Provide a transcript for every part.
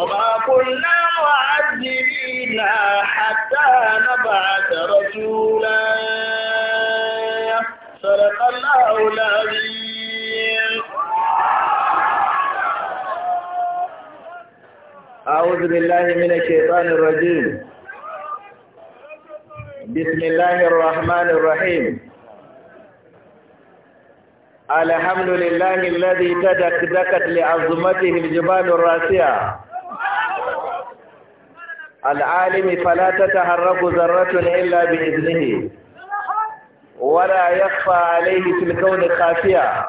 وما كنا معذبين حتى نبعث رسولا صدق الله العظيم أعوذ بالله من الشيطان الرجيم بسم الله الرحمن الرحيم الحمد لله الذي تدكدكت لعظمته الجبال الراسية العالم فلا تتحرك ذرة إلا بإذنه ولا يخفى عليه في الكون خافية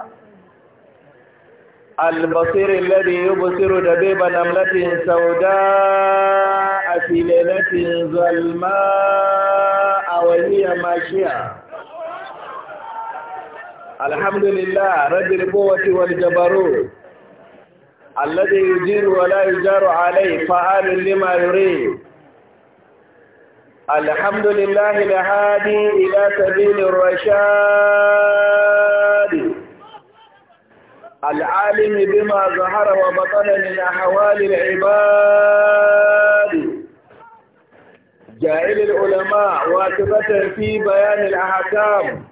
البصير الذي يبصر دبيب نملة سوداء في ليلة ظلماء وهي ماشية الحمد لله رب القوة والجبروت الذي يجير ولا يجار عليه فعال لما يريد الحمد لله الهادي إلى سبيل الرشاد العالم بما ظهر وبطن من أحوال العباد جائل العلماء واثبة في بيان الأحكام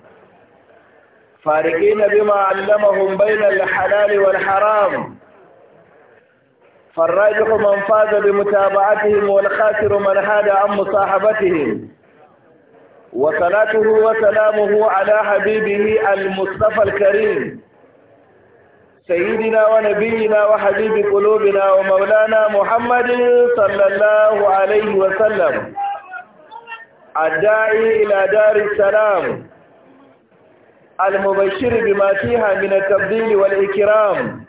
فارقين بما علمهم بين الحلال والحرام فالراجح من فاز بمتابعتهم والخاسر من حاد عن مصاحبتهم وصلاته وسلامه على حبيبه المصطفى الكريم سيدنا ونبينا وحبيب قلوبنا ومولانا محمد صلى الله عليه وسلم الداعي إلى دار السلام المبشر بما فيها من التفضيل والإكرام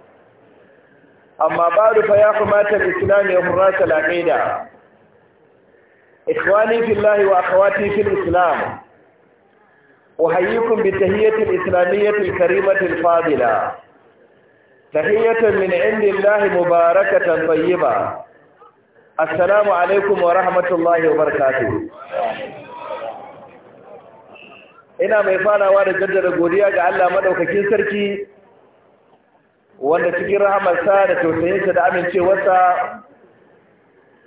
amma ba rufa ya kuma ta islam ya hurata lamida ikwani fillahi wa akawati fil islam uhayyikum bi tahiyyatil islamiyyati karimatil fadila tahiyyatan min indillahi mubarakatan tayyiba assalamu alaikum wa rahmatullahi wa barakatuh ina mai fara wa da jaddada godiya ga Allah madaukakin sarki wanda cikin rahamarsa da tausayinsa da amincewarsa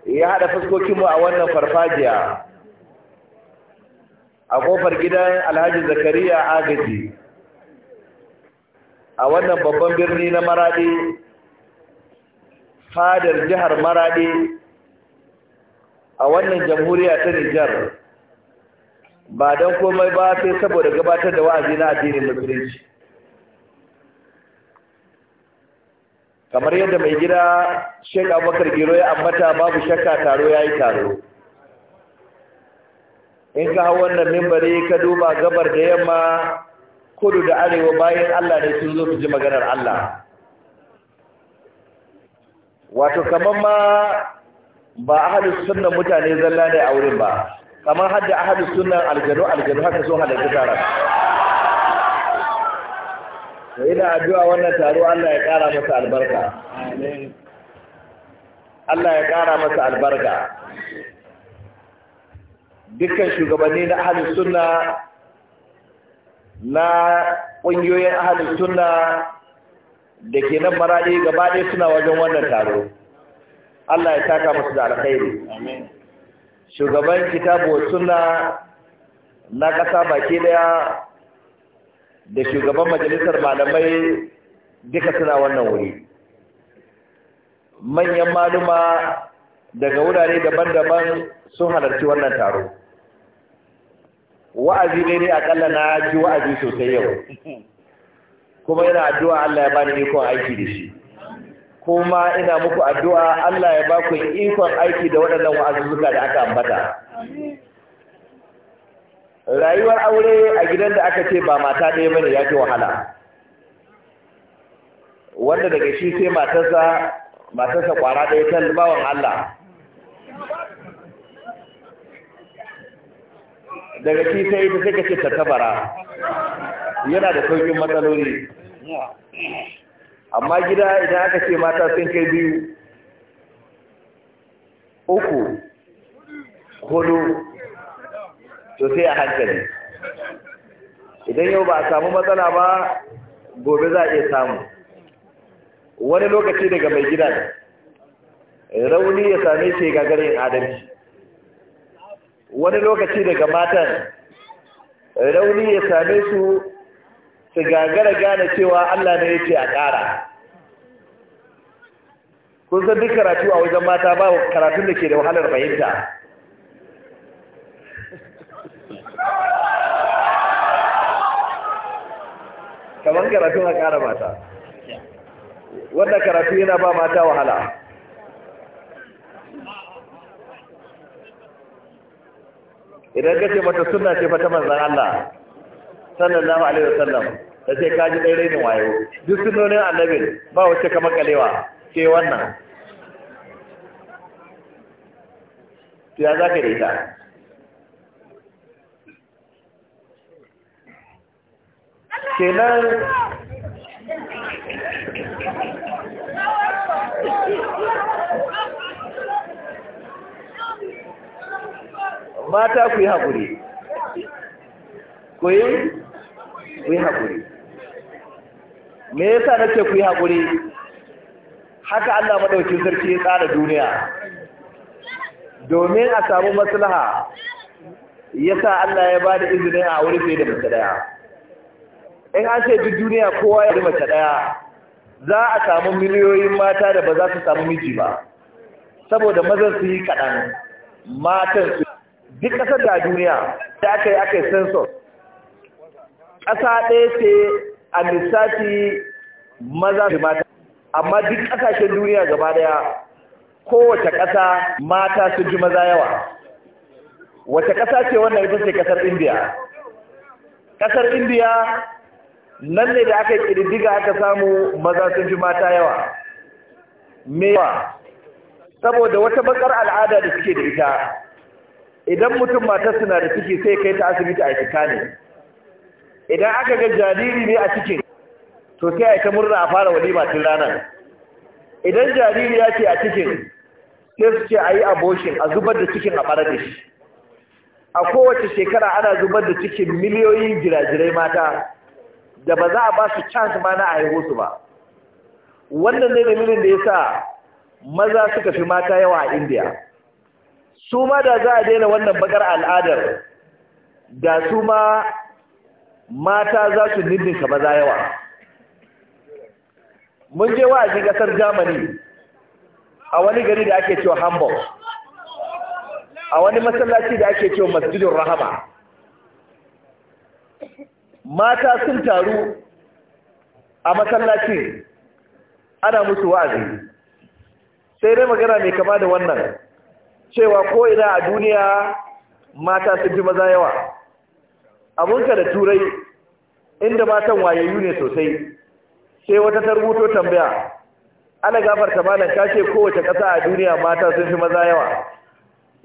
ya haɗa fuskokinmu a wannan farfajiya a kofar gidan alhaji zakariya agaji a wannan babban birni na maraɗi fadar jihar maraɗi a wannan jamhuriya ta nijar ba don komai ba sai saboda gabatar da wa'azi na addinin musulunci kamar yadda mai gida shek abubakar giro ya ambata babu shakka taro ya yi taro in ka hau wannan mimbari ka duba gabar da yamma kudu da arewa bayan allah ne sun zo su ji maganar allah wato kamar ma ba ahalus sunan mutane zalla ne a wurin ba kamar hadda ahalus sunan aljanu aljanu haka sun halarci taron ina addu'a wannan taro Allah ya ƙara masa albarka Allah ya ƙara masa albarka dukkan shugabanni na ahalin sunna na ƙungiyoyin ahalin sunna da ke nan maraɗi gaba ɗaya suna wajen wannan taro Allah ya taka musu da alkhairi shugaban kitabu sunna na ƙasa baki daya. da shugaban majalisar malamai duka suna wannan wuri manyan maluma daga wurare daban-daban sun halarci wannan taro wa'azi ne ne akalla na ji wa'azi sosai yau kuma ina addu'a Allah ya bani ikon aiki da shi kuma ina muku addu'a Allah ya ba ku ikon aiki da waɗannan wa'azuzzuka da aka ambata rayuwar aure a gidan da aka ce ba mata ɗaya bane ya fi wahala wanda daga shi sai matarsa matarsa kwara ɗaya ta bawan Allah daga shi sai ita sai ka ce tattabara yana da saukin matsaloli amma gida idan aka ce mata sun kai biyu uku hudu to sai a hankali idan yau ba a samu matsala ba gobe za a iya samu wani lokaci daga mai gidan rauni ya same shi gagarin adalci wani lokaci daga matan rauni ya same su su gagara gane cewa Allah ne ya ce a ƙara kun san duk karatu a wajen mata ba karatun da ke da wahalar fahimta kamar karatu a ƙara mata wanda karatu yana ba mata wahala idan ka ce mata suna ce fata manzan Allah sallallahu alaihi wasallam da ce ka ji ɗaiɗai ne wayo duk sunonin annabin ba wacce ka kalewa. ke wannan ya za ka yi kenan mata ku yi haƙuri ku yi ku yi haƙuri me yasa nake ku yi haƙuri haka Allah maɗauki sarki ya tsara duniya domin a samu maslaha yasa Allah ya bada izinin a wuri fiye da mutu daya in an ce duk duniya kowa ya mace daya za a samu miliyoyin mata da ba za su samu miji ba saboda mazan su yi kaɗan matan su duk ƙasar da duniya da aka yi aka yi sensor ƙasa ɗaya ce a lissafi maza da mata amma duk ƙasashen duniya gaba ɗaya kowace ƙasa mata sun ji maza yawa wace ƙasa ce wannan ita ce ƙasar indiya ƙasar indiya nan ne da aka ƙididdiga aka samu maza sun fi mata yawa mewa saboda wata bakar al'ada da suke da ita idan mutum mata suna da ciki sai kai ta asibiti a cika ne idan aka ga jariri ne a cikin to sai a yi murna a fara walima tun ranar idan jariri ya ce a cikin sai su ce a yi aboshin a zubar da cikin a ɓarar da shi a kowace shekara ana zubar da cikin miliyoyin jirajirai mata da ba za a ba su chance ma na a su ba wannan ne dalilin da ya sa maza suka fi mata yawa a indiya su ma da za a daina wannan bagar al'adar da su ma mata za su nindinka maza yawa mun je wa'azin kasar germany a wani gari da ake cewa hamburg a wani masallaci da ake cewa masjidin Rahma. mata sun taru a masallacin ana musu wa'azi sai dai magana mai kama da wannan cewa ko ina a duniya mata sun fi maza yawa abunka da turai inda matan wayayyu ne sosai sai wata ta tambaya ana gafar malam ka ce kowace ƙasa a duniya mata sun fi maza yawa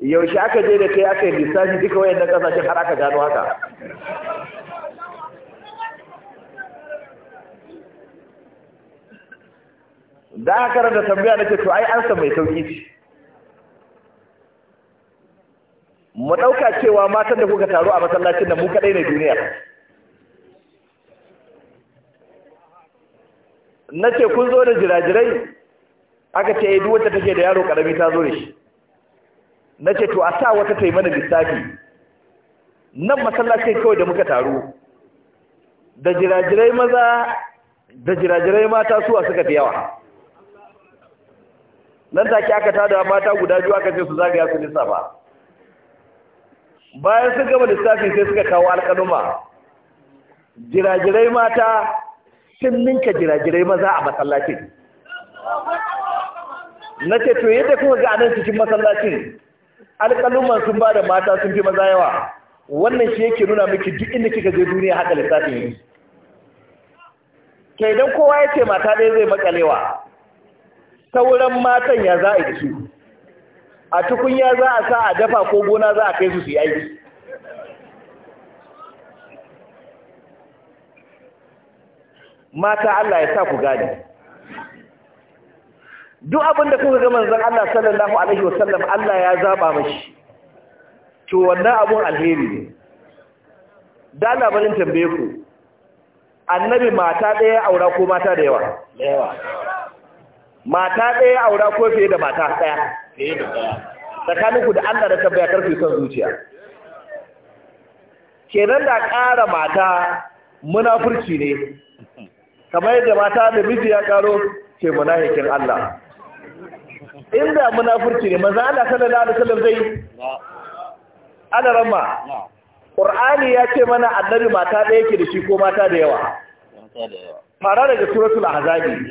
yaushe aka je da kai aka yi lissafi duka wayannan ƙasashen har aka gano haka da aka da tambaya nake to ai ansa mai sauki ce mu ɗauka cewa matan da kuka taru a masallacin da mu kaɗai ne duniya na ce kun zo da jirajirai aka ce eh, duk wacce take da yaro ƙarami ta zo da shi na ce to a sa wata ta yi mana lissafi nan masallacin kawai da muka taru da jirajirai maza da jirajirai mata suwa suka fi yawa nan take aka tada mata guda biyu aka ce su zagaya su lissafa bayan sun gama lissafi sai suka kawo alƙaluma jirajirai mata sun ninka jirajirai maza a masallacin na ce to yadda kuma ga anan cikin masallacin alƙaluman sun ba da mata sun fi maza yawa wannan shi yake nuna miki duk inda kika je duniya haka lissafi ne ke idan kowa ya ce mata ɗaya zai makalewa sauran matan ya za a yi su a tukunya za a sa a dafa ko gona za a kai su su yi aiki mata Allah ya sa ku gane duk abin da kuka ga manzon Allah sallallahu alaihi wasallam Allah ya zaba mashi to wannan abun alheri ne da labarin tambaye ku annabi mata ɗaya aura ko mata da yawa mata ɗaya aura ko fiye da mata ɗaya tsakanin ku da Allah da tabbaya karfi son zuciya kenan da ƙara mata munafurci ne kamar yadda mata da miji ya ƙaro ce munafikin Allah inda munafurci ne maza Allah sallallahu alaihi wasallam zai ana ramma Qur'ani ya ce mana annabi mata ɗaya ke da shi ko mata da yawa fara daga suratul ahzabi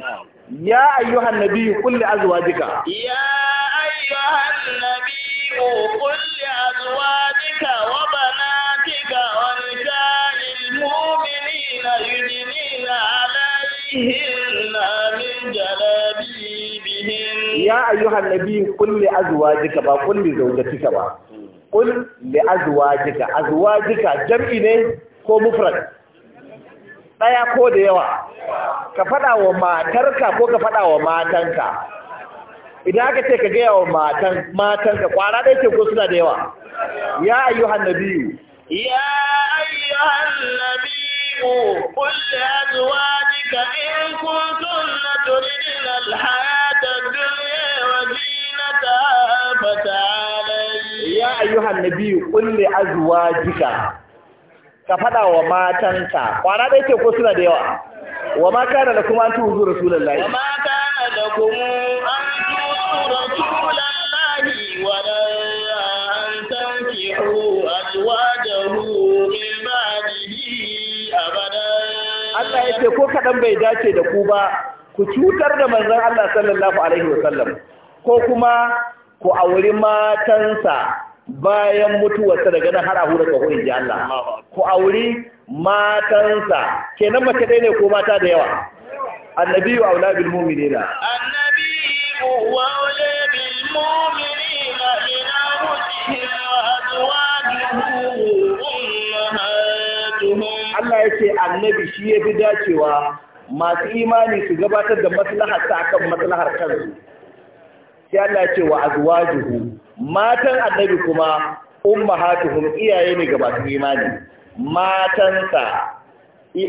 يا أيها النبي قل لأزواجك يا أيها النبي قل لأزواجك وبناتك ونساء المؤمنين يدنين عليهن من جلابيبهن يا أيها النبي قل لأزواجك با قل لزوجتك با قل لأزواجك أزواجك جمع ne ko mufrad ɗaya ko da yawa ka faɗa wa matarka ko ka faɗa wa matanka idan aka ce ka gaya wa matan matanka kwara ɗaya ce ko suna da yawa ya ayyuhan nabiyu ya ayyuhan nabiyu qul li azwajika in kuntunna turidna al-hayata ad-dunya wa zinataha fata'alayna ya ayyuhan nabiyu qul li azwajika ka faɗa wa matanta. kwana ɗaya yake ko suna da yawa wa ma kana da kuma an tuhu rasulullahi wa ma kana da kuma an tuhu rasulullahi wa la an tankihu azwajahu min ba'dihi abadan Allah ya ce ko kaɗan bai dace da ku ba ku cutar da manzon Allah sallallahu alaihi wa sallam ko kuma ku auri matansa bayan mutuwarsa daga nan har a hura kaho in ji Allah ku auri matansa kenan mace ɗaya ne ko mata da yawa annabi wa aula bil mu'minina annabi wa aula bil mu'minina min anfusihim wa azwajihim Allah ya ce annabi shi ya fi dacewa masu imani su gabatar da maslahar ta akan maslahar kansu sai Allah ya ce wa azwajuhu matan annabi kuma ummahatuhum iyaye ne ga masu imani matansa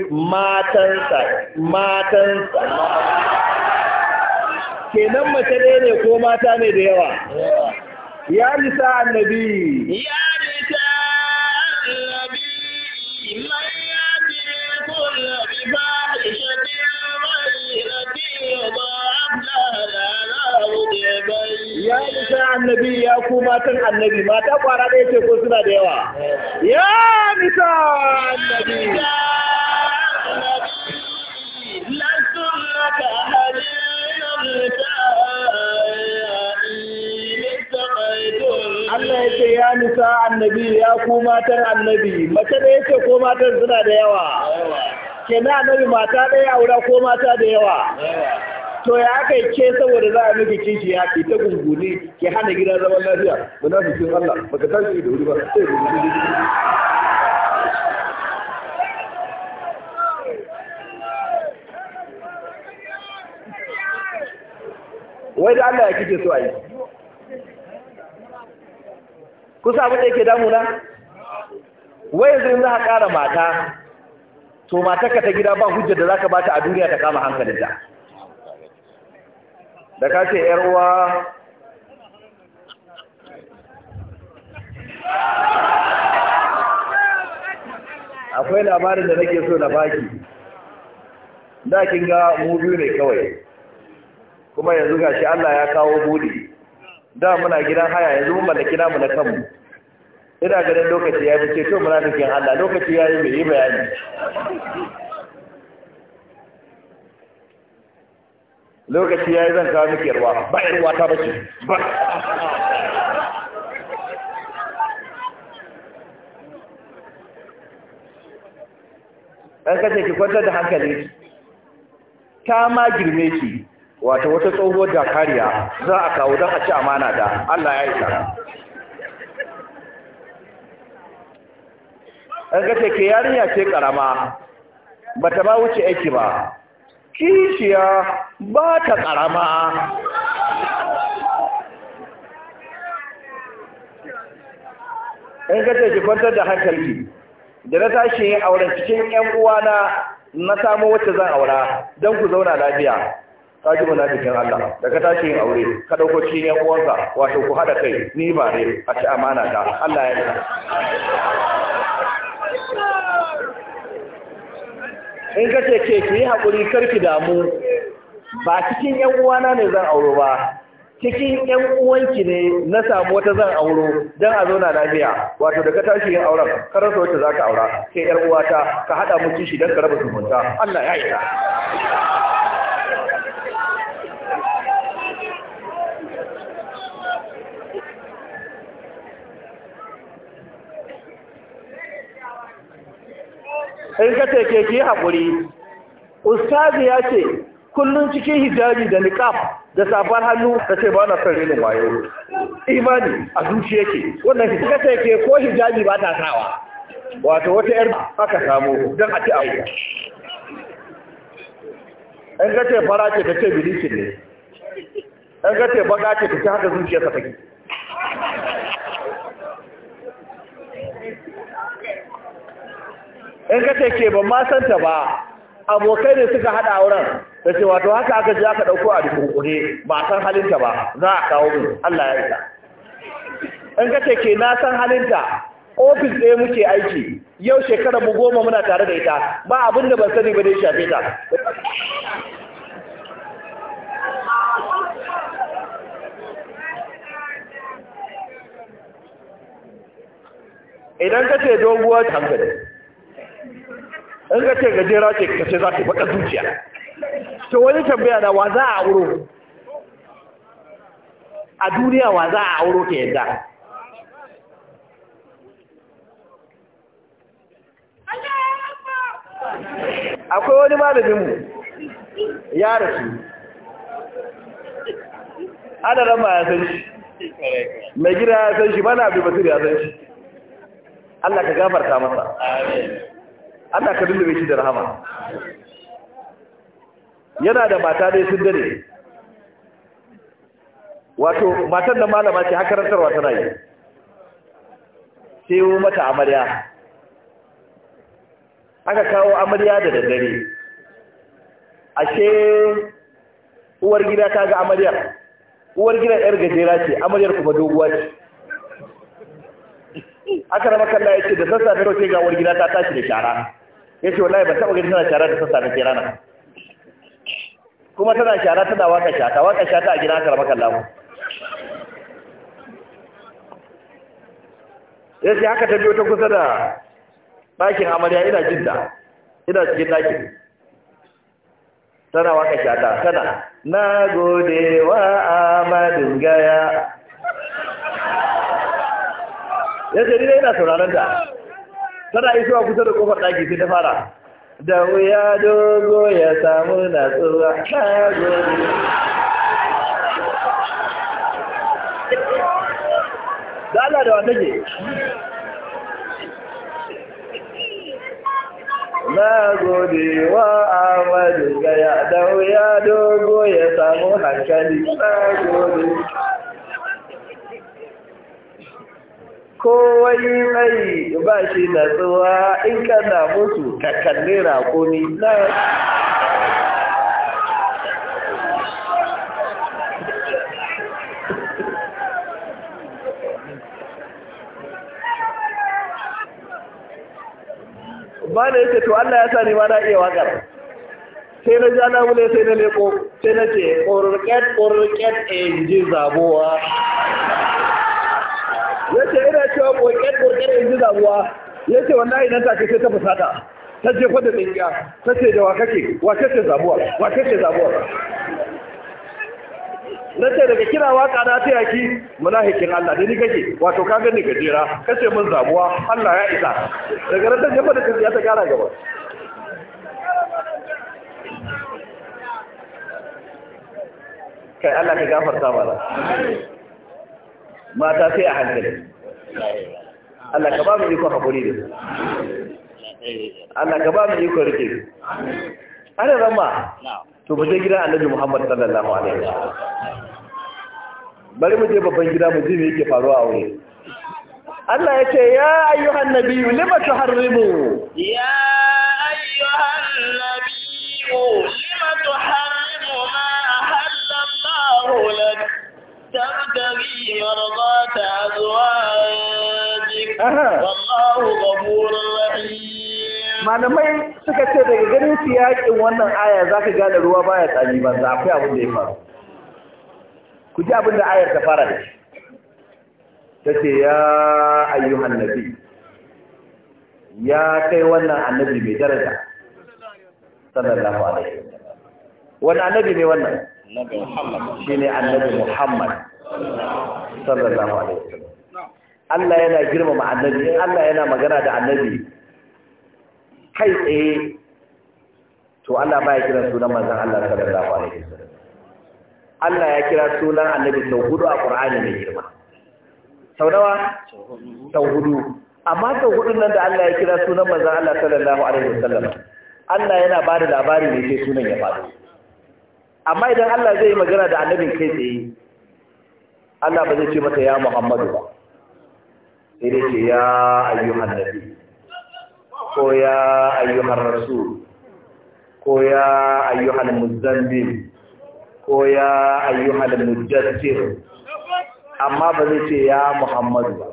matansa matansa kenan mace ne ne ko mata ne da yawa ya nisa annabi ya nisa sha annabi ya ku matan annabi mata kwara ɗaya ce ko suna da yawa ya nisa annabi Allah ya ce ya nisa annabi ya ku matar annabi mace da ya ce ko matan suna da yawa kenan annabi mata ɗaya aura ko mata da yawa to ya aka yi ce saboda za a miki kishi ya ke ta gungune ke hana gida zaman lafiya ba na fi cin Allah ta tashi da wuri ba sai da wuri wai da Allah ya kike so a yi kusa abin da yake damuna wai yanzu in za a kara mata to matarka ta gida ba hujjar da za ka bata a duniya ta kama hankalinta da ka ce ‘yar uwa akwai labarin da nake so na baki da kin ga mu biyu ne kawai kuma yanzu gashi Allah ya kawo buɗe da muna gidan haya yanzu mun mallaki namu na kanmu ina ganin lokaci ya fi ce to muna nufin Allah lokaci ya yi mai yi bayani lokaci ya yi zan kawo miki yarwa ba yarwa ta bace ba ɗan kace ki kwantar da hankali ta ma girme ki wata wata tsohuwar kariya za a kawo don a ci amana da Allah ya yi tara ɗan kace ke yarinya ce ƙarama ba ta ba wuce aiki ba kishiya ba ta ƙarama in ka ce ki kwantar da hankali? da na tashi yin auren cikin 'yan uwana na samu wacce zan aura don ku zauna lafiya Ta ji cikin Allah da ka tashi yin aure ka dauko cikin 'yan uwansa wato ku haɗa kai ni ba ne a ci amana ta Allah ya yi in ka ce ce ki yi haƙuri karki damu ba cikin ‘yan uwana ne zan auro ba cikin ‘yan uwanki ne na samu wata zan auro don a zauna lafiya wato da ka tashi yin auren karar sauce za ka aura ke ƴar uwata ka haɗa mu kishi don ka raba zumunta Allah ya yi ta in ka ce ke ki haƙuri ustazi ya ce kullum cikin hijabi da niqab da safar hannu ta ce ba na son renin wayo imani a zuci yake wannan ka ce ke ko hijabi ba ta sawa wato wata yar aka samu don a ci abu in ka ce fara ce ta ce bilikin ne in ka ce baka ce ta ci haka zuciyarsa take in ka ce ban ma san ta ba abokai ne suka hada auren da ce wato haka aka ji aka dauko a dukunkune ba san halinta ba za a kawo mu Allah ya yarda in ka ce ke na san halinta ofis ɗaya muke aiki yau shekara mu goma muna tare da ita ba abin da ban sani ba da ya shafe ta idan ka ce doguwar hankali in ka ce gajera ce ka ce za ka baka zuciya to wani tambaya da wa za a auro a duniya wa za a auro ta yadda akwai wani malaminmu ya rasu ana ran ma ya san shi mai gida ya san shi mana abu basir ya san shi Allah ka gafarta masa amin Allah ka lullube shi da rahama yana da mata dai sun dare wato matan da malama ce haka rantarwa tana yi sai mata amarya aka kawo amarya da daddare ashe uwar gida ta ga amaryar uwar gida yar gajera ce amaryar kuma doguwa ce aka rama kalla ya ce da sassa ta roke ga uwar gida ta tashi da shara ya ce wallahi ba taɓa gani tana shara da sassa da ke rana kuma tana shara tana waka shata waka shata a gina karama kallahu ya ce haka ta biyo ta kusa da ɗakin amarya ina jin da ina cikin ɗakin tana waka shata tana na gode wa amadin gaya ya ce ni ina sauraron ta tana isuwa kusa da kofar ɗaki sai ta fara da wuya dogo ya samu na ta gobe da Allah da wanda ke na gode wa amadu gaya da wuya dogo ya samu hankali na gode kowai mai ba shi tsawa in kana musu ka kalli rakuni na ba da yake to Allah ya sa ni ma na iya wakar sai na ja na wule sai na leko sai na ce ƙorƙet ƙorƙet in ji zabuwa ya ce ga ya da da daga kira waka na ta yaki Allah da ni kake wato ka gani gajera mun zabuwa Allah ya isa daga nan ta da ta gara gaba kai Allah ka gafarta mana mata sai a hankali Allah ka ba mu iko hakuri da su Allah ka ba mu iko rike su ana zama to mu je gidan annabi Muhammad sallallahu alaihi wa bari mu je babban gida mu ji me yake faruwa a wuri Allah ya ce ya ayyuhan nabiyyu lima tuharrimu ya ayyuhan nabiyyu lima tuharrimu ma ahalla Allah lak tabtaghi marzata azwajik malamai suka ce daga ganin yaƙin wannan aya za ka gane ruwa baya tsani za akwai abin da ya faru ku ji abin da ayar ta fara da shi ce ya ayyuhan nabi ya kai wannan annabi mai daraja sallallahu alaihi wasallam wani annabi ne wannan shi ne annabi muhammad sallallahu alaihi wasallam Allah yana girmama annabi in Allah yana magana da annabi kai tsaye to Allah baya kira sunan manzon Allah sallallahu alaihi wasallam Allah ya kira sunan annabi sau hudu a Qur'ani mai girma sau nawa sau hudu amma sau hudun nan da Allah ya kira sunan manzon Allah sallallahu alaihi wasallam Allah yana ba da labari ne sai sunan ya faɗo amma idan Allah zai yi magana da annabin kai tsaye Allah ba zai ce masa ya Muhammadu ba sai ce ya ayyuhan nabi ko ya ayyuhan rasu, ko ya ayyuhan zambi, ko ya ayyuhan mujassir amma ba zai ce ya muhammadu ba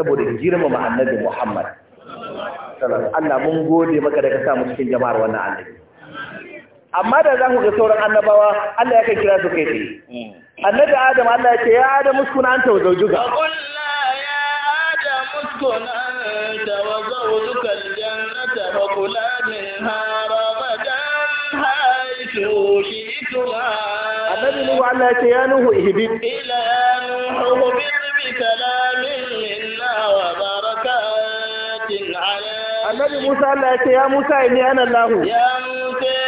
saboda girmama annabi muhammad Allah mun gode maka da ka sa mu cikin jama'ar wannan annabi amma da za ku ga sauran annabawa Allah ya kai kira su kai tsaye hmm. annabi adam Allah ya ce ya adam uskuna anta wa zawjuka كن أنت وزوجك الجنة فكلا منها رغدا حيث شئتما النبي وعلى على يا إلى نوح اهبط بكلام منا وبركات على النبي موسى على يا موسى إني أنا الله يا موسى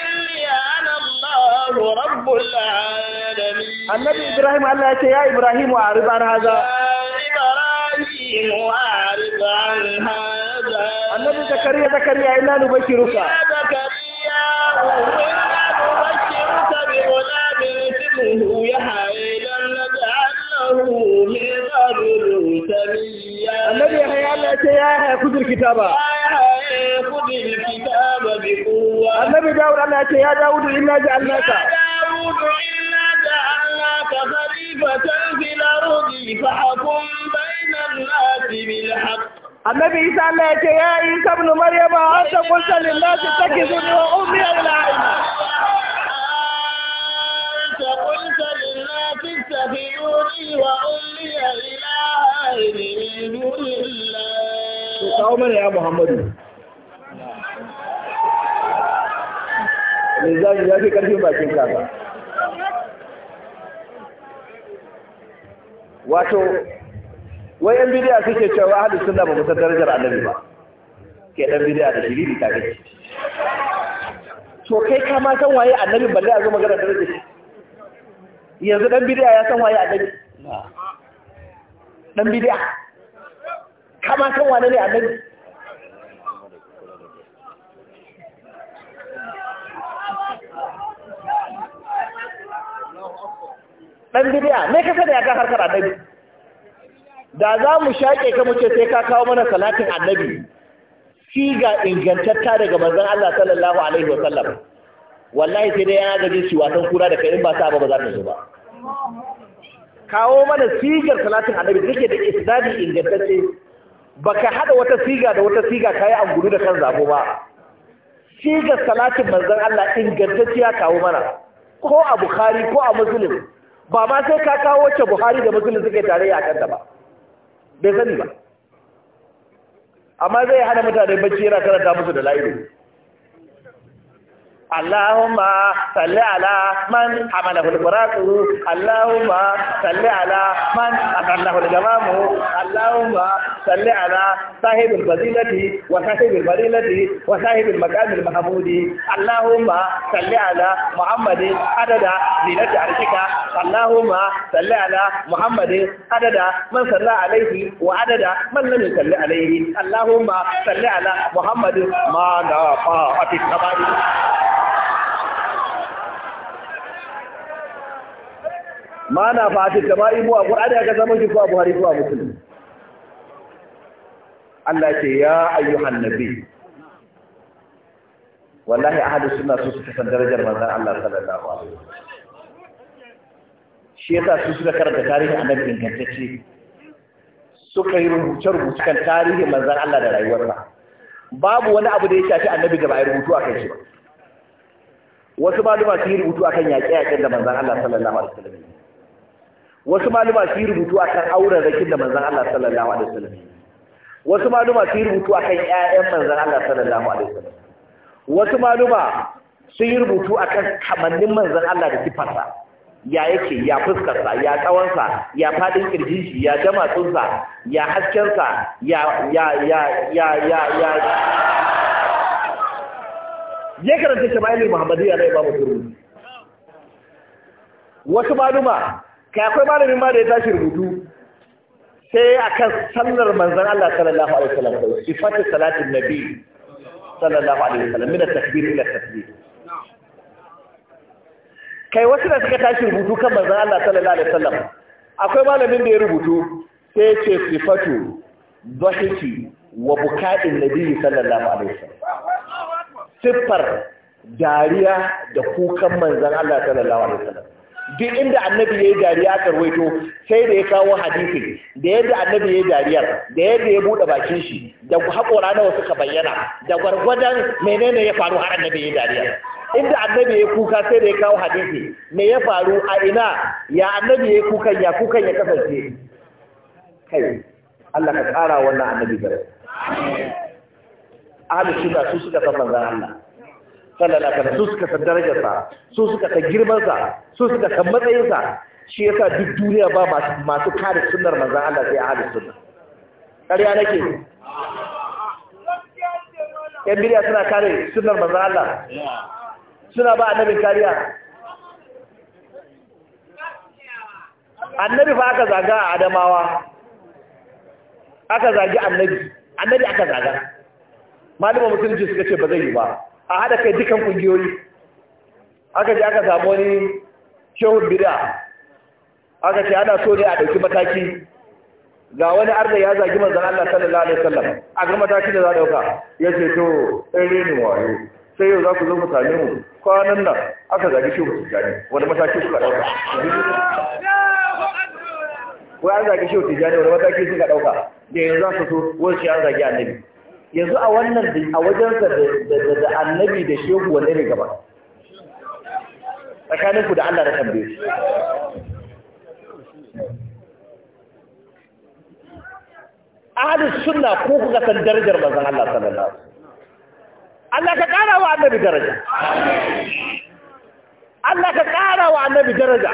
إني أنا الله رب العالمين النبي إبراهيم على يا إبراهيم وأعرض عن هذا Annabi Zakariya Zakariya ina nu baki ruka. ina nu baki ruka. Annabi Zakariya ina nu baki ruka. ina nu baki ruka. Annabi Zakariya ina nu baki ruka. ina nu baki ruka. Annabi Zakariya ina nu baki ruka. ina nu baki ruka. Annabi Zakariya ina nu baki ruka. ina nu baki ruka. Annabi Zakariya ina nu baki ruka. ina nu baki ruka. Annabi Zakariya ina nu baki ruka. ina nu baki ruka. النبي صلى الله يقول يا عيسى ابن مريم أنت قلت للناس اتخذوني وأمي إلهين أنت قلت للناس اتخذوني وأمي إلهين من دون الله يا محمد wai yan bidiya suke cewa ahli sunna ba musa darajar annabi ba ke dan bidiya da shiri ta gaji. to kai ka ma san waye annabi balle a zo magana darajar shi yanzu dan bidiya ya san waye annabi dan bidiya ka ma san wane ne annabi Ɗan bidiya me da ya ga harkar annabi da za mu shaƙe ka muke sai ka kawo mana salatin annabi siga ingantatta daga manzon Allah sallallahu alaihi wa sallam wallahi sai dai yana da shi wasan kura da kai in ba sa ba ba za ta zo ba kawo mana sigar salatin annabi take da isdadi ingantacce baka hada wata siga da wata siga kai an gudu da kan zabo ba sigar salatin manzon Allah ingantacciya kawo mana ko a Bukhari ko a Muslim ba ma sai ka kawo wacce Buhari da Muslim suke tare a kanta ba bai sani ba amma zai hana mutane bacci yana karanta musu da la'ilu اللهم صل على من حمله الفراق اللهم صل على من أطعله الجمام اللهم صل على صاحب الفضيلة وصاحب الفضيلة وصاحب المكان المحمود اللهم صل على محمد عدد زينة عرشك اللهم صل على محمد عدد من صلى عليه وعدد من لم يصل عليه اللهم صل على محمد ما نفع في السماء ma na fati kamar ma'i buwa ƙur'ani aka zama shi ko a buhari ko a musulmi Allah ce ya ayyuhan nabi wallahi ahadu suna su su kasan darajar manzon Allah sallallahu alaihi wasallam shi yasa su suka karanta tarihin annabi ingantacce suka yi rubuce-rubuce kan tarihin manzon Allah da rayuwarsa babu wani abu da ya shafi annabi da ba a rubutu akan shi ba wasu ba su yi rubutu akan yaƙe-yaƙen da manzon Allah sallallahu alaihi wasallam wasu maluma su yi rubutu akan auren rakin da manzan Allah sallallahu alaihi wasallam wasu maluma su yi rubutu akan ƴaƴan manzan Allah sallallahu alaihi wasallam wasu maluma sun yi rubutu akan kamannin manzan Allah da sifarsa ya yake ya fuskarsa ya tsawonsa ya fadin kirjin shi ya jamatsunsa ya haskensa ya ya ya ya ya ya ya karanta Muhammadu ya na imamu turmi wasu maluma kai akwai malamin ma da ya tashi rubutu sai a kan sallar manzan Allah sallallahu alaihi wasallam sifatu salatin nabi sallallahu alaihi wasallam min at-takbir ila at kai wasu da suka tashi rubutu kan manzan Allah sallallahu alaihi wasallam akwai malamin da ya rubutu sai ce sifatu dhahiki wa buka'in nabi sallallahu alaihi wasallam siffar dariya da kukan manzan Allah sallallahu alaihi wasallam duk inda annabi ya yi dariya a sai da ya kawo hadisin da yadda annabi ya yi dariyar da yadda ya buɗe bakin shi da haƙora nawa suka bayyana da gwargwadon menene ya faru har annabi ya yi dariyar inda annabi ya kuka sai da ya kawo hadisi me ya faru a ina ya annabi ya kukan ya kukan ya kasance kai Allah ka tsara wannan annabi gare ahlus sunna su suka san manzon Allah sallallahu alaihi wasallam su suka san darajarsa su suka san girmansa su suka san matsayinsa shi yasa duk duniya ba masu kare sunnar manzon Allah sai ahlus sunna ƙarya nake yan bidiya suna kare sunnar manzon Allah suna ba annabin kariya annabi fa aka zaga a adamawa aka zagi annabi annabi aka zaga malama musulunci suka ce ba zai yi ba a haɗa kai dukan ƙungiyoyi aka ce aka samu wani shehun bida aka ce ana so ne a ɗauki mataki ga wani arda ya zagi manzan Allah sallallahu alaihi wasallam a ga mataki da za a ɗauka ya ce to ɗan renin wayo sai yau za ku zo ku same mu kwanan nan aka zagi shehu tijjani wani mataki suka ɗauka wai an zagi shehu tijjani wani mataki suka ɗauka da yanzu za su so wani shi an zagi annabi yanzu a wannan a wajensa da annabi da shehu wanda ne gaba tsakaninku da Allah da tambaye shi ahli sunna ko ku ga san darajar manzon Allah sallallahu Allah ka kara wa annabi daraja Allah ka kara wa annabi daraja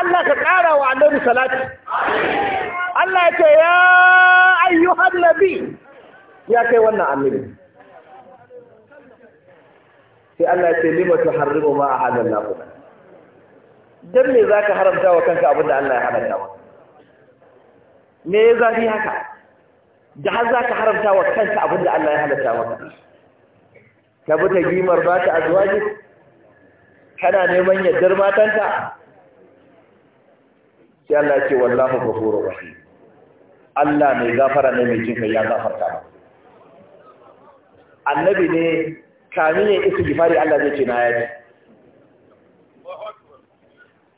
Allah ka kara wa annabi salati Allah ya ce ya ayyuhan nabi ya kai wannan annabi sai Allah ya ce lima tu harrimu ma ahadan lakum dan me zaka haramta wa kanka abin da Allah ya haramta wa? me ya zafi haka da har zaka haramta wa kanka abin da Allah ya haramta wa? ka bi ta gimar ba ta azwaji kana neman yaddar matanka sai Allah ce wallahu ghafurur rahim Allah mai gafara ne mai jinka ya gafarta maka annabi ne kamin ne isi gifari Allah zai ce na yaji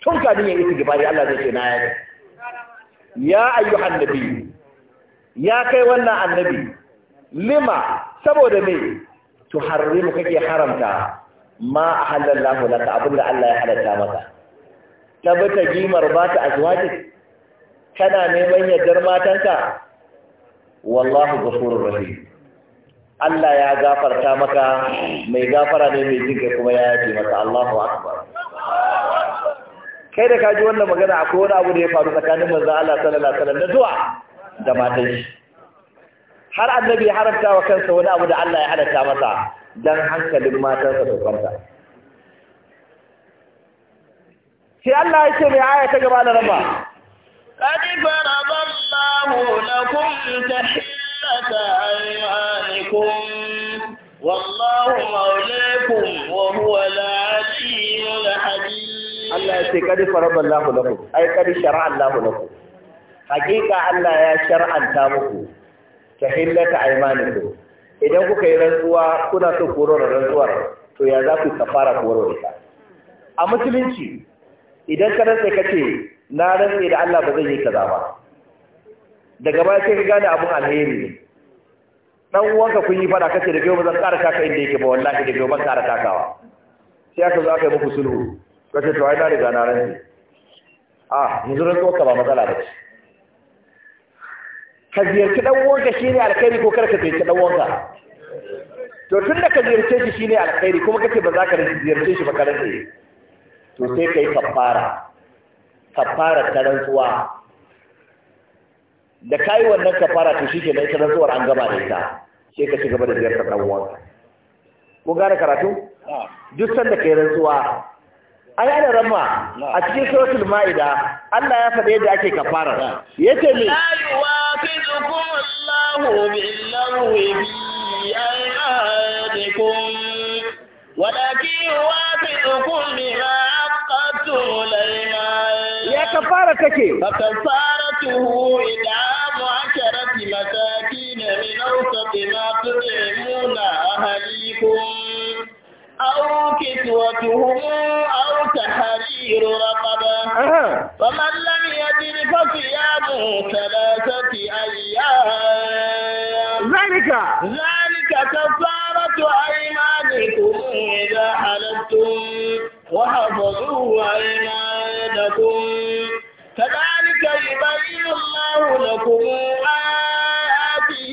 tun kamin ne isi gifari Allah zai ce na yaji ya ayyu annabi, ya kai wannan annabi lima saboda me to harrimu kake haramta ma a ahallallahu laka abinda Allah ya halatta maka ta gimar ba ta azwaji kana neman yardar matanka wallahu ghafurur rahim Allah ya gafarta maka mai gafara ne mai jinka kuma ya yi maka Allahu akbar kai da ka ji wannan magana akwai wani abu da ya faru tsakanin manzo Allah sallallahu alaihi wasallam da zuwa da matan shi har annabi ya haramta wa kansa wani abu da Allah ya halatta masa dan hankalin matansa da kwanta sai Allah ya ce mai aya ta gaba da raba qad farada Allahu lakum tahiyya هيهات هيهاتكم والله مولاكم وهو العليم الحكيم الله يتكاد فرض الله لكم قد شرع الله لكم الله يا تامكم idan kuka yi rantsuwa kuna so ku rantsuwar to ya za ku kafara ku ta a musulunci idan ka rantsa ka ce na rantsa da Allah ba zai yi kaza ba daga baya sai ka gane abun alheri ne dan uwanka kun yi fada kace da biyo bazan zan ƙara kaka inda yake ba wallahi da biyo ban ƙara kakawa sai aka zo aka yi muku sulhu kace to ai na riga na rantsi ah yanzu rantsuwa ka ba matsala ba ka ziyarci dan uwanka shine alkhairi ko karka ka ziyarci dan uwanka to tun da ka ziyarce shi shine alkhairi kuma kace ba za ka ziyarce shi ba karanta to sai kai kafara kafara ta rantsuwa da kayi wannan kafara to shike da ita zuwar an gaba da ita sai ka ci gaba da ziyartar dan uwanka ko gane karatu duk sanda kai rantsuwa ai ana ramma a cikin suratul maida Allah ya faɗa yadda ake kafara yace ne ya kafara Allahu ka kafara صدقته إلى عشرة مساكين من أوسط ما تطعمون أهليكم أو كسوتهم أو تحرير رقبة فمن لم يجد فصيام ثلاثة أيام ذلك ذلك كفارة أيمانكم إذا حلفتم وحفظوا أيمانكم كذلك Allah الله لكم آياته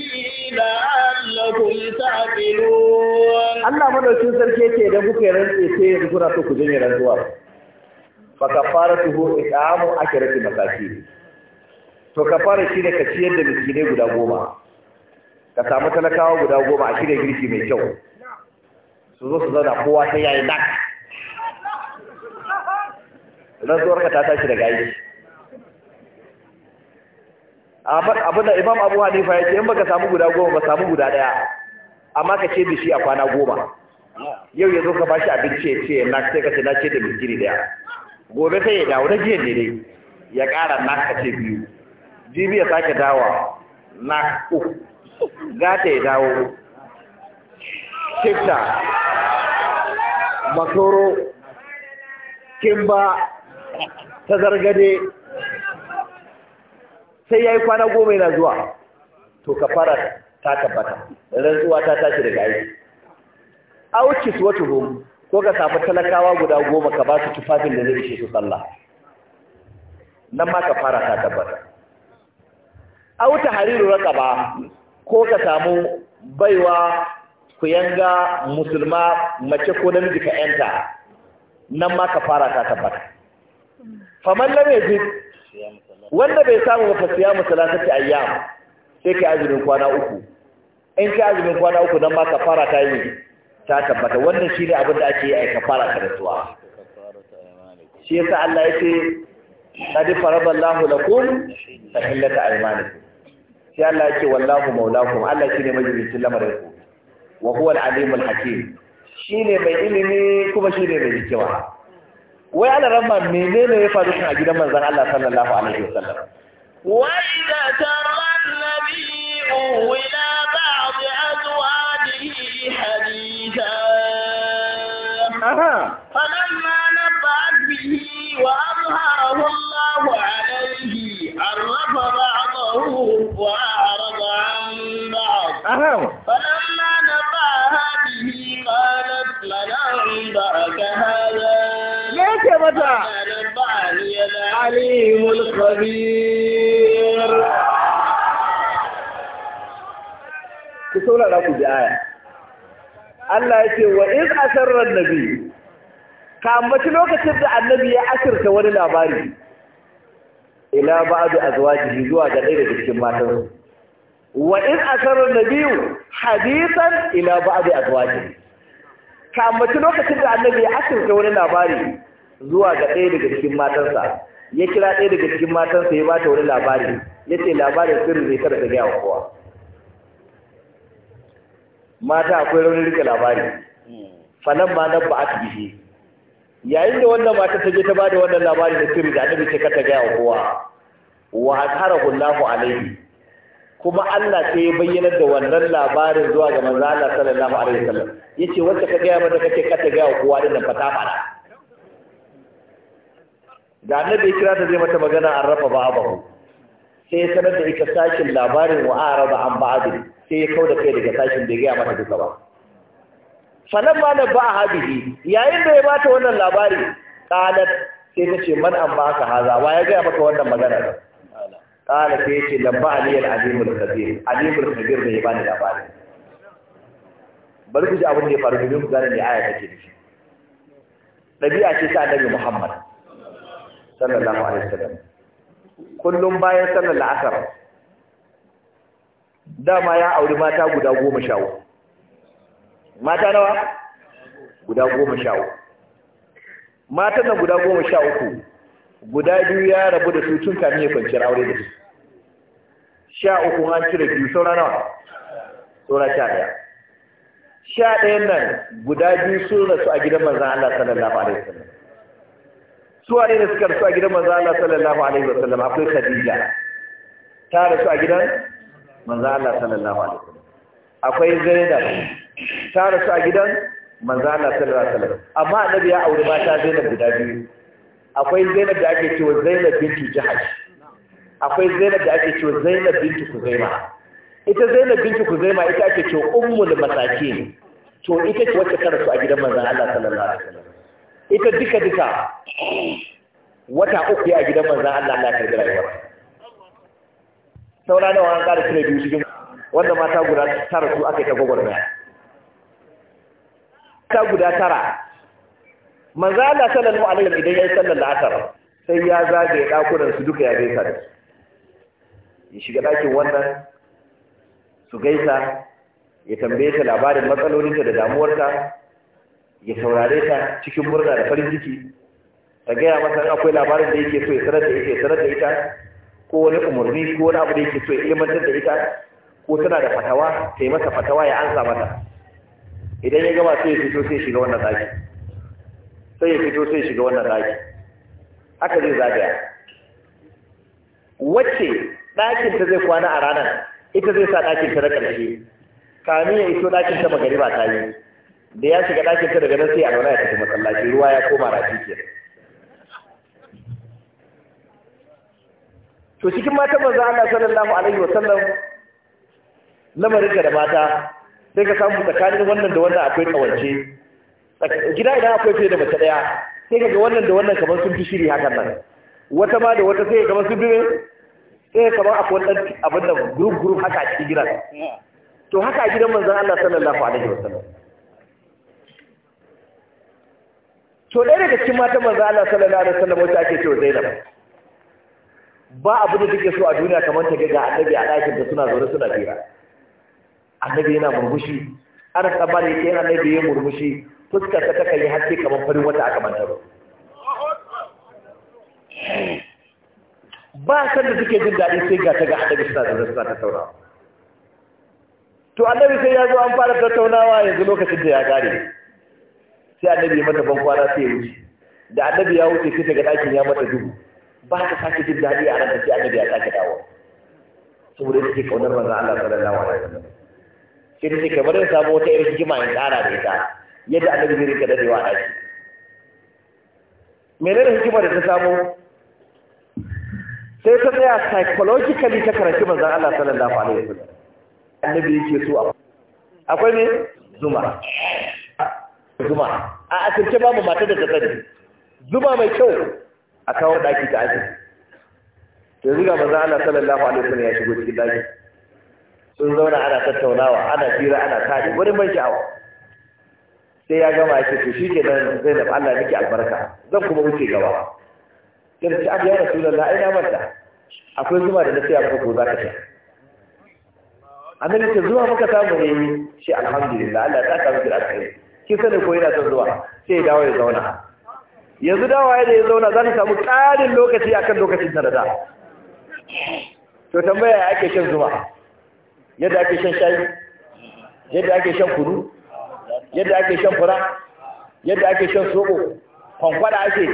لعلكم تعقلون الله مدوكين sarki yake idan kuka yi rantsi sai yanzu kuna so ku janye rantsuwa fa kafaratuhu ake akirati masakin to shi ne ka ciyar da miskinai guda goma ka samu talakawa guda goma a shirya girki mai kyau su zo su zauna kowa ta yayi nak rantsuwar ka ta tashi daga aiki abin da imam abu hanifa ya ce in baka samu guda goma ba samu guda daya amma ka ce da shi a kwana goma yau ya zo ka bashi abinci ya ce na sai ka ce na ce da miskini daya gobe sai ya dawo na jiya ne dai ya kara na ka ce biyu jibi ya sake dawa na ku gata ya dawo shifta masoro kimba ta zargade sai ya yi kwana goma yana zuwa to kafara ta tabbata zuwa ta tashi daga aiki auki wata hum ko ka samu talakawa guda goma ka ba su tufafin da zai ishe su sallah nan ma fara ta tabbata auta hariru ba ko ka samu baiwa ku yanga musulma mace ko namiji ka yanta nan ma ka fara ta tabbata faman lamar yazid wanda bai samu ba fasiya musalatati ayyam sai kai azumin kwana uku in kai azumin kwana uku dan ma kafara ta yi ta tabbata wannan shi ne abin da ake yi a kafara ta rasuwa shi yasa Allah ya ce qad faraballahu lakum tahillata aymanikum sai Allah ya ce wallahu maulakum Allah shine majibincin lamarin ku wa huwa al-alim al-hakim shine mai ilimi kuma shine mai hikima wai ala ramma menene ya faru a gidan manzon Allah sallallahu alaihi wasallam wa idza tara an-nabiyyu ila ba'd azwajihi haditha aha falamma nabba'at bihi wa amharahu Allah alayhi arrafa ba'dahu wa arada an ba'd aha الرجاء العليم الخبير كسولة لك بآية الله يقول وإذ أسر النبي كان مثلوك تبدأ النبي أسر كوالي لاباري إلى بعض أزواجه جوا جديد بالجماعته وإذ أسر النبي حديثا إلى بعض أزواجه كان مثلوك تبدأ النبي أسر كوالي لاباري zuwa ga ɗaya daga cikin matansa ya kira ɗaya daga cikin matansa ya ba ta wani labari ya ce labarin sirri zai kada ta gaya wa kowa mata akwai raunin rike labari falan ma nan ba a bihi yayin da wannan mata ta je ta ba da wannan labari da sirri da annabi ce kada ta gaya wa kowa wa azharahu kullahu alaihi kuma Allah Ta ya bayyana da wannan labarin zuwa ga manzo Allah sallallahu alaihi wasallam yace wacce ka gaya mata kace kada ta gaya wa kowa da nan fa fara da annabi kira ta zai mata magana an rafa ba abahu sai ya sanar da ita sashin labarin wa araba an ba'adin sai ya kau da kai daga sashin da ya gaya mata duka ba falamma na ba hadihi yayin da ya bata wannan labari qalat sai ta ce man an baka haza wa ya gaya maka wannan magana da qala sai ya ce ba ali al alimul kabir alimul kabir da ya bani labari bari ku ji abin da ya faru domin ku gane ne aya take da shi dabi'a ce ta annabi muhammad sallallahu alaihi wasallam kullum bayan sallar la'asar dama ya auri mata guda goma sha mata nawa guda goma sha matan nan guda goma sha uku guda biyu ya rabu da su tun kamin ya kwanciyar aure da su sha uku an cire biyu saura nawa saura sha ɗaya sha ɗayan nan guda biyu sun rasu a gidan manzan Allah sallallahu alaihi wasallam su wane ne suka rasu a gidan manzo Allah sallallahu alaihi wasallam akwai Khadija ta rasu a gidan manzo Allah sallallahu alaihi wasallam akwai Zainab ta rasu a gidan manzo Allah sallallahu alaihi wasallam amma annabi ya aure mata Zainab guda biyu akwai Zainab da ake cewa Zainab bintu Jahash akwai Zainab da ake cewa Zainab bintu Kuzaima ita Zainab bintu Kuzaima ita ake cewa ummul masakin to ita ce wacce ta rasu a gidan manzo Allah sallallahu alaihi wasallam ita duka duka wata uku ya gidan manzan Allah Allah ta gira yawa saura nawa an ƙara cire biyu cikin wanda mata guda tara su aka yi ta gwagwarmaya ta guda tara manzan Allah mu alayyar idan ya yi sallar la'asar sai ya zagaye ɗakunan su duka ya gaisa da su ya shiga ɗakin wannan su gaisa ya tambaye ta labarin matsalolinta da damuwarta ya saurare ta cikin murna da farin ciki ta gaya masa akwai labarin da yake so ya sanar da ita sanar da ita ko wani umarni ko wani abu da yake so ya ilmantar da ita ko tana da fatawa ta yi masa fatawa ya ansa mata idan ya gama sai ya fito sai shiga wannan ɗaki sai ya fito sai shiga wannan ɗaki haka zai zagaya wacce ɗakinta zai kwana a ranar ita zai sa ɗakinta na ƙarshe kamin ya iso ɗakinta magariba ta yi da ya shiga ɗakin ta daga nan sai a nuna ya tafi masallaci ruwa ya koma rafi ke to cikin mata manzo Allah sallallahu alaihi wasallam lamarin da mata sai ka samu tsakanin wannan da wannan akwai kawance gida idan akwai fiye da mace daya sai kaga wannan da wannan kamar sun fi shiri hakan nan wata ma da wata sai kamar sun fi sai kamar akwai wannan abin da group group haka a cikin gidan to haka a gidan manzon Allah sallallahu alaihi wasallam to ɗaya daga cikin matan manzo Allah sallallahu alaihi wasallam wacce ake cewa Zainab ba abu da take so a duniya kamar ta ga annabi a ɗakin da suna zaune suna jira annabi yana murmushi ana tsabar yake yana annabi ya murmushi fuskar ta takan yi haske kamar farin wata aka manta ba ba san da suke jin daɗi sai ga ta ga annabi suna zaune suna ta tattaunawa to annabi sai ya zo an fara tattaunawa yanzu lokacin da ya gare sai annabi ya mata bankwana sai ya wuce da annabi ya wuce sai daga ɗakin ya mata duhu ba ta sake jin daɗi a ranta sai annabi ya sake dawo saboda yake kaunar manzon Allah sallallahu alaihi wasallam sai take kamar ya samu wata irin hikima in tsara da ita yadda annabi zai rika dadewa a ɗaki menene hikimar da ta samu sai ta tsaya psychologically ta karanci manzon Allah sallallahu alaihi wasallam annabi yake so akwai ne zuma zuma a asirce babu mata da ta zuma mai kyau a kawo daki ta aji to zuga maza ana sallallahu alaihi wasallam ya shigo cikin daki sun zauna ana tattaunawa ana fira ana tadi wani ban sha'awa sai ya gama ya shi ke nan zai da Allah miki albarka zan kuma wuce gaba sai ta ce ya Rasulullah ai na manta akwai zuma da nasiya ko ko zaka sha annabi ce zuwa muka samu ne shi alhamdulillah Allah ta ka miki alkhairi kin sani ko yana son zuwa sai ya dawo ya zauna yanzu dawa ya ya zauna za ta samu ƙarin lokaci akan lokacin da da to tambaya ya ake shan zuwa yadda ake shan shayi yadda ake shan kudu, yadda ake shan fura yadda ake shan soko kwankwada ake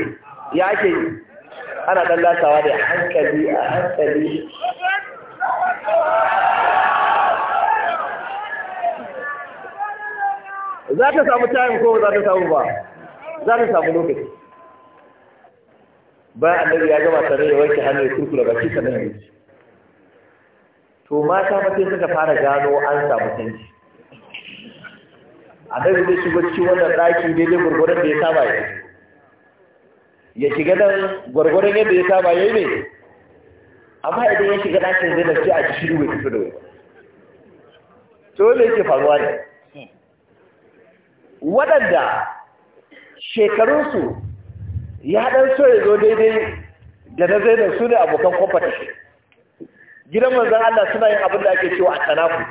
ya ake yi ana dan lasawa da hankali a hankali za ta samu time ko za ta samu ba za ta samu lokaci bayan annabi ya gama tare da wanke hannu ya kurkura ba, sannan ya wuce to mata mace suka fara gano an samu canji annabi zai shigo cikin wannan ɗaki daidai gwargwaron da ya saba yi ya shiga nan gwargwaron yadda ya saba ya yi ne amma idan ya shiga ɗakin zai da shi a cikin ruwa ya fito da wani to wanda yake faruwa ne waɗanda shekarunsu ya ɗan so ya zo daidai da na zai da su ne abokan kwamfata gidan manzan Allah suna yin abin da ake cewa a tsanaku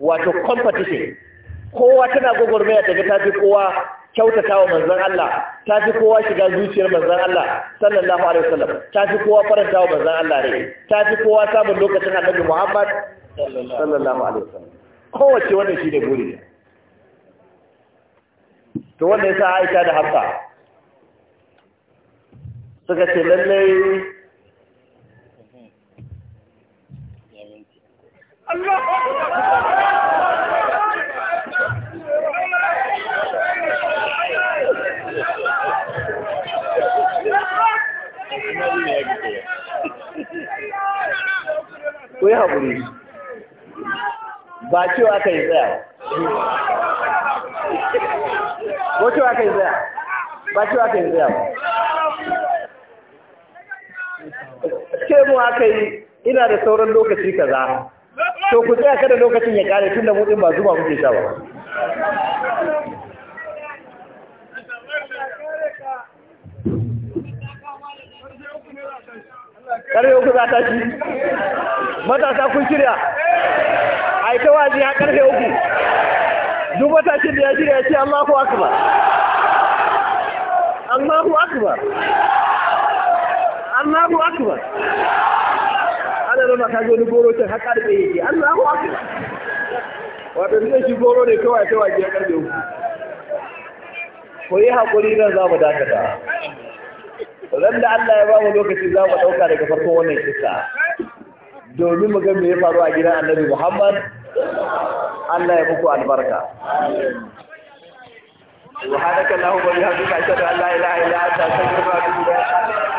wato competition kowa tana gwagwarmaya daga ta fi kowa kyautata wa manzan Allah ta fi kowa shiga zuciyar manzan Allah sallallahu alaihi wasallam ta fi kowa faranta wa manzan Allah rai ta fi kowa samun lokacin annabi Muhammad sallallahu alaihi wasallam kowace wannan shi ne to wanda ya sa aisha da hafsa suka ce lallai Ku yi haƙuri, ba cewa ka yi tsaya ko cewa kai tsaya ba cewa kai tsaya ba ce mu aka yi ina da sauran lokaci kaza to ku tsaya kada lokacin ya kare tunda mu din ba zuba muke sha ba Kare uku za ta ci, matasa kun shirya. a yi ta wazi karfe uku duk wata shi da ya shirya ya ce Allahu akbar Allahu akbar Allahu akbar ana zama ka zo ni goro can ke, karfe yake Allahu akbar wato zai shi goro ne kawai ta waje ya karfe uku ko yi haƙuri nan za mu dakata ran da Allah ya ba mu lokaci za mu ɗauka daga farkon wannan kisa domin mu ga me ya faru a gidan Annabi Muhammad Allah ya muku albarka Wa hadaka Allahu wa bihamdika ashhadu an la ilaha illa anta astaghfiruka wa atubu ilayk